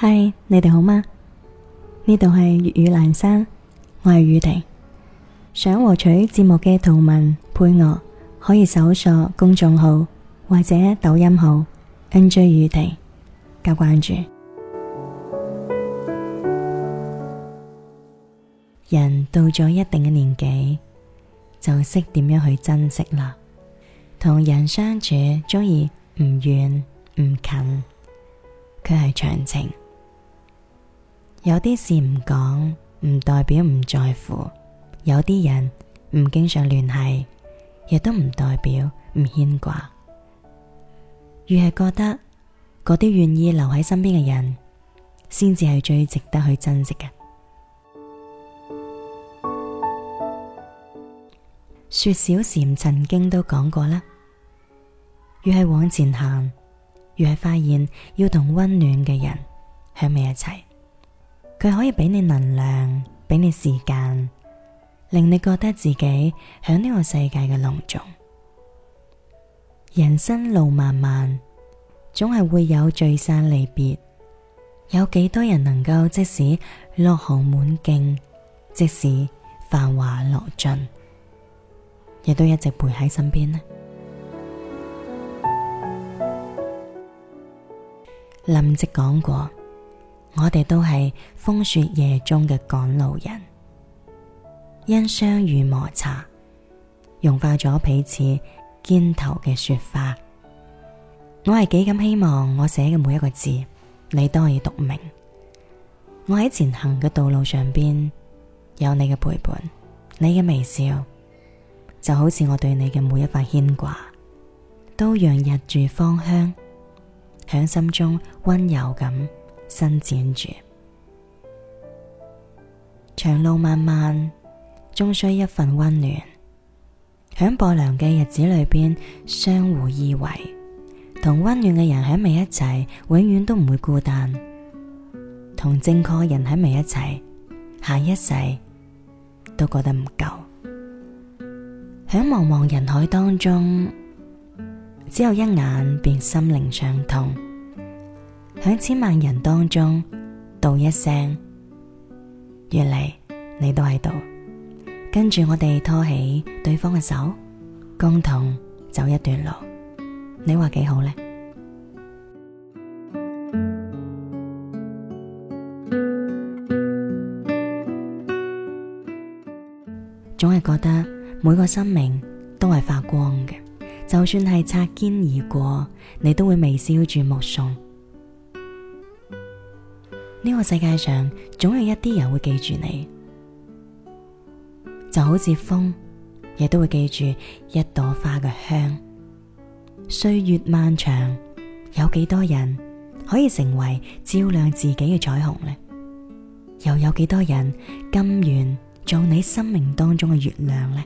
嗨，Hi, 你哋好嗎？呢度係粵語闌珊，我係宇婷。想獲取節目嘅圖文配樂，可以搜索公眾號或者抖音號 NJ 宇婷加關注。 人到咗一定嘅年紀，就識點樣去珍惜啦。同人相處，中意唔遠唔近，佢係長情。有啲事唔講，唔代表唔在乎；有啲人唔經常聯繫，亦都唔代表唔牽掛。越係覺得嗰啲願意留喺身邊嘅人，先至係最值得去珍惜嘅。雪小禪曾經都講過啦，越係往前行，越係發現要同溫暖嘅人喺埋一齊。佢可以畀你能量，畀你時間，令你覺得自己響呢個世界嘅隆重。人生路漫漫，總係會有聚散離別。有幾多人能夠即使落紅滿徑，即使繁華落盡，亦都一直陪喺身邊呢？林夕講過。我哋都係風雪夜中嘅趕路人，因相遇摩擦融化咗彼此肩頭嘅雪花。我係幾咁希望我寫嘅每一個字，你都可以讀明。我喺前行嘅道路上邊，有你嘅陪伴，你嘅微笑就好似我對你嘅每一份牽掛，都洋溢住芳香響心中溫柔咁。伸展住，長路漫漫，終需一份溫暖。響薄涼嘅日子裏邊，相互依偎，同溫暖嘅人喺埋一齊，永遠都唔會孤單。同正確人喺埋一齊，下一世都覺得唔夠。響茫茫人海當中，只有一眼便心靈相通。響千萬人當中，道一聲，原嚟你都喺度，跟住我哋拖起對方嘅手，共同走一段路，你話幾好呢？總係覺得每個生命都係發光嘅，就算係擦肩而過，你都會微笑住目送。呢個世界上總有一啲人會記住你，就好似風，亦都會記住一朵花嘅香。歲月漫長，有幾多人可以成為照亮自己嘅彩虹呢？又有幾多人甘願做你生命當中嘅月亮呢？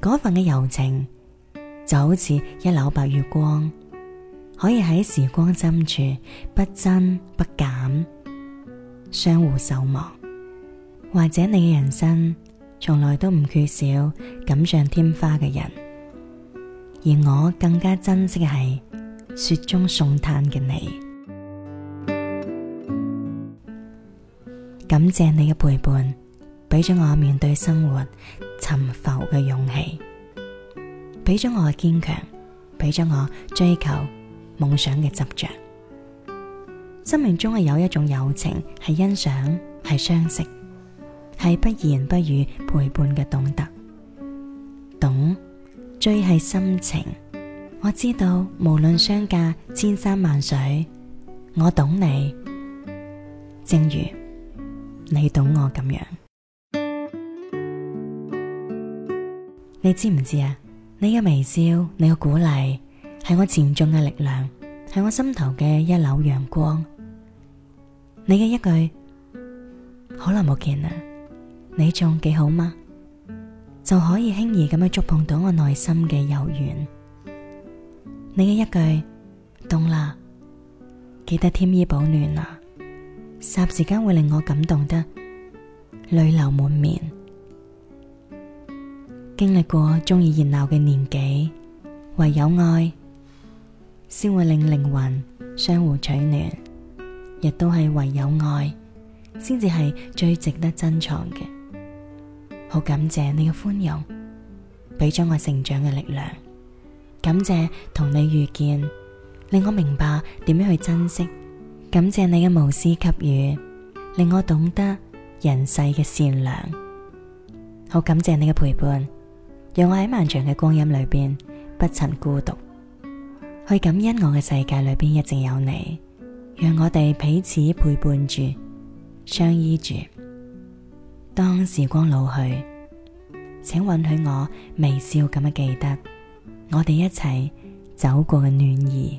嗰份嘅柔情就好似一縷白月光。可以喺時光深處不增不減，相互守望；或者你嘅人生從來都唔缺少錦上添花嘅人，而我更加珍惜嘅係雪中送炭嘅你。感謝你嘅陪伴，俾咗我面對生活沉浮嘅勇氣，俾咗我嘅堅強，俾咗我追求。夢想嘅執着，生命中係有一種友情，係欣賞，係相惜，係不言不語陪伴嘅懂得，懂，最係深情。我知道無論相隔千山萬水，我懂你，正如你懂我咁樣。你知唔知啊？你嘅微笑，你嘅鼓勵，係我前進嘅力量，係我心頭嘅一縷陽光。你嘅一句好耐冇見啦，你仲幾好嗎？就可以輕易咁樣觸碰到我內心嘅柔軟。你嘅一句凍啦，記得添衣保暖啊！霎時間會令我感動得淚流滿面。經歷過中意熱鬧嘅年紀，唯有愛。先會令靈魂相互取暖，亦都係唯有愛，先至係最值得珍藏嘅。好感謝你嘅寬容，俾咗我成長嘅力量。感謝同你遇見，令我明白點樣去珍惜。感謝你嘅無私給予，令我懂得人世嘅善良。好感謝你嘅陪伴，讓我喺漫長嘅光陰裏邊不曾孤獨。去感恩我嘅世界裏邊一直有你，讓我哋彼此陪伴住，相依住。當時光老去，請允許我微笑咁樣記得我哋一齊走過嘅暖意。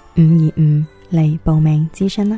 五二五嚟報名諮詢啦！